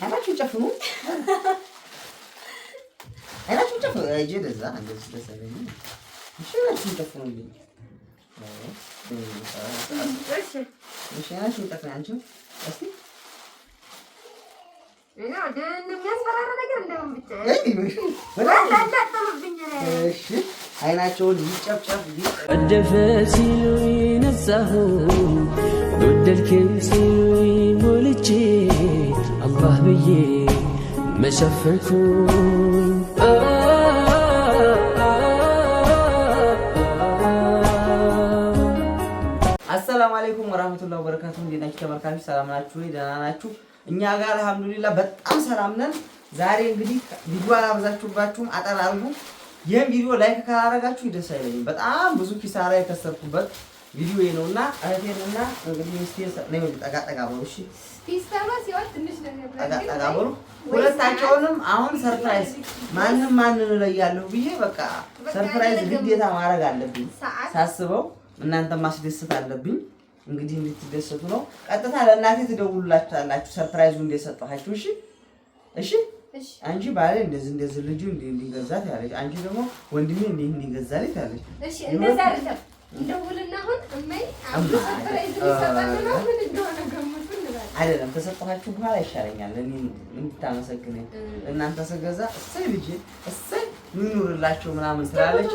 አይናችሁን ጨፍኑ፣ አይናችሁን ጨፍኑ። እጄ ለእዛ አይናችሁን ጨፍኑልኝ። አይናችሁን ጨፍኑ። አንቺ እስኪ አይናቸውን ይጨፍጨፍ። ቀደፈ ሲሉ ነጻሁ ወደድከኝ ሲሉ ሞልቼ ገባህ ብዬ መሸፈንኩኝ አሰላሙ አለይኩም ወራህመቱላሂ ወበረካቱ እንዴት ናችሁ ተመልካቾች ሰላም ናችሁ ወይ ደህና ናችሁ እኛ ጋር አልሐምዱሊላህ በጣም ሰላም ነን ዛሬ እንግዲህ ቪዲዮ አላበዛችሁባችሁም አጠር አድርጉ ይህም ቪዲዮ ላይክ ካላረጋችሁ ይደስ አይለኝም በጣም ብዙ ኪሳራ የከሰርኩበት ልዩ ነው እና እህቴን እና እንግዲህ ጠጋ ጠጋ በሉ። እሺ ጠጋ ጠጋ በሉ ሁለታቸውንም። አሁን ሰርፕራይዝ ማንም ማንን እለያለሁ ብዬ በቃ ሰርፕራይዝ ግዴታ ማድረግ አለብኝ ሳስበው፣ እናንተ ማስደሰት አለብኝ። እንግዲህ እንድትደሰቱ ነው። ቀጥታ ለእናቴ ትደውሉላችኋላችሁ ሰርፕራይዙ እንደሰጠኋችሁ። እሺ እሺ አንቺ ባለ እንደዚህ እንደዚህ ልጁ እንዲገዛት ያለች፣ አንቺ ደግሞ ወንድሜ እንዲህ እንዲገዛልኝ ያለች አይደለም ከሰጠኋችሁ በኋላ ይሻለኛል። እኔ እንድታመሰግነኝ እናንተ ስገዛ እሰይ ልጄ እሰይ ምን ምናምን ስላለች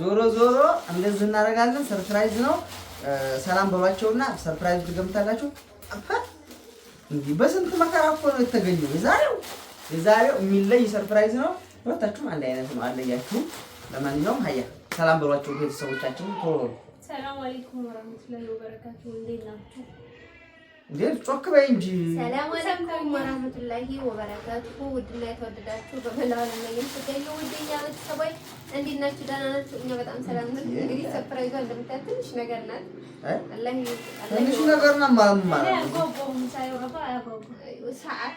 ዞሮ ዞሮ እንደዚህ እናደርጋለን። ሰርፕራይዝ ነው። ሰላም በሏቸውና ሰርፕራይዝ ትገምታላችሁ። በስንት መከራ እኮ ነው የተገኘው። የዛሬው የዛሬው የሚለይ ሰርፕራይዝ ነው። ሁለታችሁም አንድ አይነት ነው፣ አለያችሁ ለማንኛውም ሀያ ሰላም በሏቸው ቤተሰቦቻችን። ቶሎ ሰላም አለይኩም ወራህመቱላሂ ወበረካቱ። እንዴት ናችሁ? እንዴት ጮክ በይ እንጂ። ሰላም አለይኩም ወራህመቱላሂ ወበረካቱ። ውድና የተወደዳችሁ በመላው ዓለም የምትገኙ ውድ የእኛ ቤተሰቦች እንዴት ናችሁ? ደህና ናችሁ? እኛ በጣም ሰላም ነን። እንግዲህ ሰፕራይዟ እንደምታያት ትንሽ ነገር ናት። ትንሽ ነገር ናት ማለት ነው። ሰዓት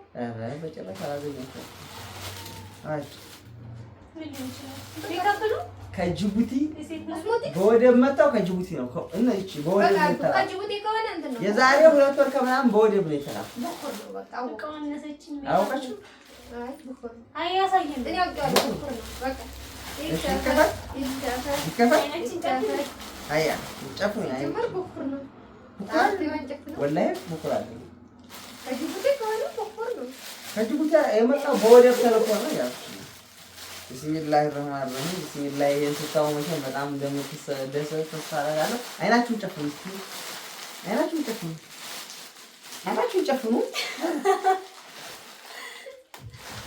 በጭራሽ አላገኛቸውም። ከጅቡቲ በወደብ መጣው ከጅቡቲ ነው የዛሬ ሁለት ወር ከምናምን በወደብ ነው የተላኩት ከጅቡቲ የመጣው በወደብ ተልኮ ነው ያው ቢስሚላህ ረህማን ረሂም ቢስሚላህ። ይሄን ስታው መቼም በጣም እንደምትደሰት ተስፋ አደርጋለሁ። አይናችሁን ጨፍኑ፣ አይናችሁን ጨፍኑ፣ አይናችሁን ጨፍኑ፣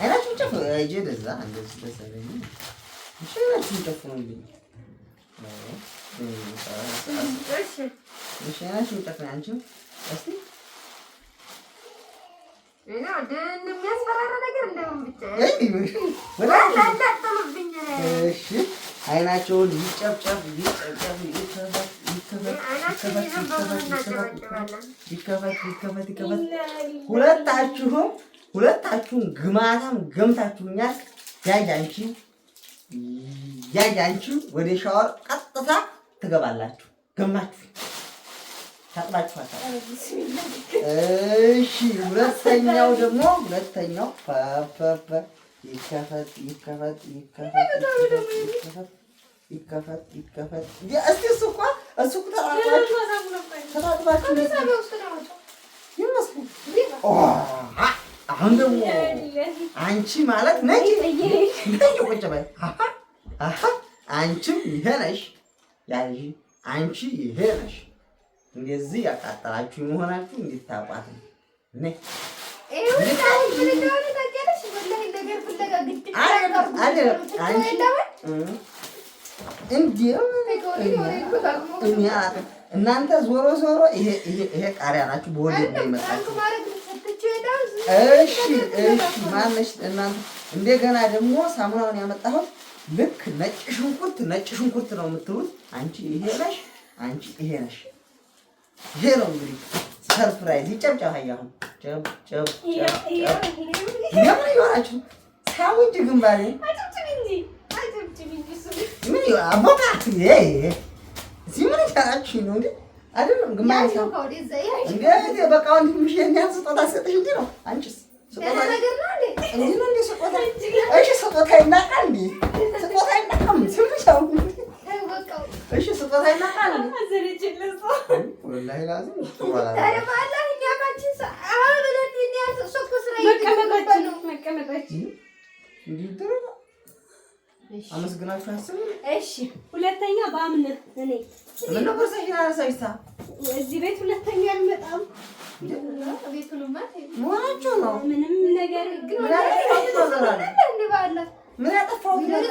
አይናችሁን ጨፍኑ። እጄ ደዛ እንደዚህ ደሰለኝ። እሺ አይናችሁን ጨፍኑልኝ። እሺ አይናችሁን ጨፍኑ። አንቺ እስቲ አይናቸውን ይጨብጨብ ይጨብጨብ ይከፈት ይከፈት ሁለታችሁም ሁለታችሁም ግማታም ገምታችሁኛል። ያጅ አንቺ ወደ ሻወር ቀጥታ ትገባላችሁ። ገማችሁ ታጥባችኋታል። እሺ፣ ሁለተኛው ደግሞ ሁለተኛው ፈፈፈ ይከፈት ይከፈት ይከፈት ይከፈት ይከፈት አሁን ደግሞ አንቺ ማለት ነይ ቁጭ በይ። አንቺም ይሄ ነሽ ያልሽኝ አንቺ ይሄ ነሽ እንደዚህ ያቃጠላችሁ መሆናችሁ እንዲታቋት ነው። እናንተ ዞሮ ዞሮ ይሄ ቃሪያ ናችሁ። በወደ ይመጣችሁ። እሺ፣ እሺ፣ ማነሽ እናንተ እንደገና ደግሞ ሳሙናውን ያመጣሁት ልክ ነጭ ሽንኩርት ነጭ ሽንኩርት ነው የምትሉት አንቺ ይሄ ነሽ፣ አንቺ ይሄ ነሽ ይሄ ነው እንግዲህ ሰርፕራይዝ። ይጨብጨብ አሁን ጨብጨብ ይሆናችሁ ሳው እንጂ ግንባሬ ምን አቦታት እዚህ ምን ይሰራችሁ ነው እንዴ? አይደለም ግንባሬ እንግዲህ በቃ ወንድ ምሽ የሚያን ስጦታ ሰጥሽ እንዲ ነው። አንቺስ ስጦታ ይናቃል እንዲ ስጦታ ይናቃል ስምሻው እሺ፣ ስጦታ ይናቃል አመስግናችሁ አስቡ። እሺ፣ ሁለተኛ በአምነት እኔ ምን ነው እዚህ ቤት ሁለተኛ አልመጣም። ቤቱንማ መሆናቸው ነው። ምንም ነገር ግን ምን ያጠፋው ነገር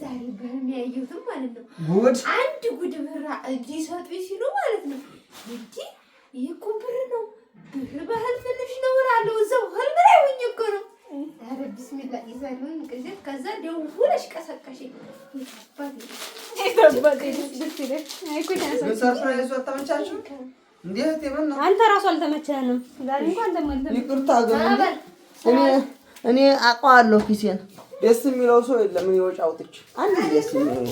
ዛሬ በህልም ያየሁትም ማለት ነው። ጉድ አንድ ጉድ ብር ሊሰጡኝ ሲሉ ማለት ነው እንጂ ይህ እኮ ብር ነው ብር ባህል ትንሽ ነው እላለሁ። እዛው ህልም ላይ ሆኜ እኮ ነው። ኧረ ቢስሚላ ይዛሉን ቅዠት ከዛ ደውለሽ ቀሰቀሽኝ። ሰርፕራይዙ አንተ ራሱ አልተመቸህንም። ይቅርታ እኔ አውቀዋለሁ ኪሴን ደስ የሚለው ሰው የለም። እኔ ወጪ አውጥቼ አንድ ደስ የሚለው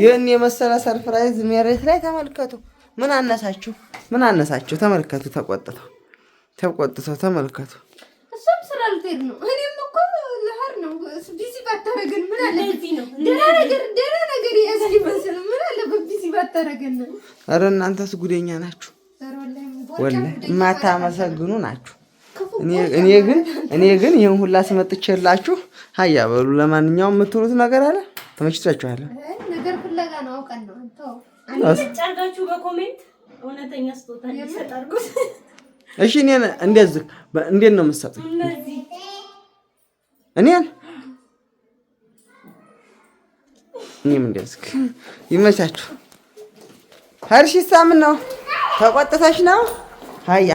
ይህን የመሰለ ሰርፕራይዝ ሜሬት ላይ ተመልከቱ። ምን አነሳችሁ? ምን አነሳችሁ? ተመልከቱ። ተቆጥተው ተቆጥተው ተመልከቱ። እሷም ስራ ልትሄድ ነው። እኔም እኮ ነው። ቢዚ ባታረገን ምን ደህና ነገር ደህና ነገር ምን ባታረገን። ኧረ እናንተስ ጉደኛ ናችሁ፣ ወላሂ የማታመሰግኑ ናችሁ። እኔ ግን እኔ ግን ይህን ሁላ ስመጥቼላችሁ ሀያ በሉ። ለማንኛውም የምትሉት ነገር አለ? ተመችቷችኋል? ነገር ፍለጋ ነው አውቀን ነው ጫርጋችሁ በኮሜንት እውነተኛ ስጦታ እንዲሰጣርጉት። እሺ እኔን እንደዚህ እንዴት ነው የምትሰጡኝ? እኔን እኔም እንደዚህ ይመቻችሁ። ሀርሺሳ ሳምን ነው ተቆጥተሽ ነው? ሀያ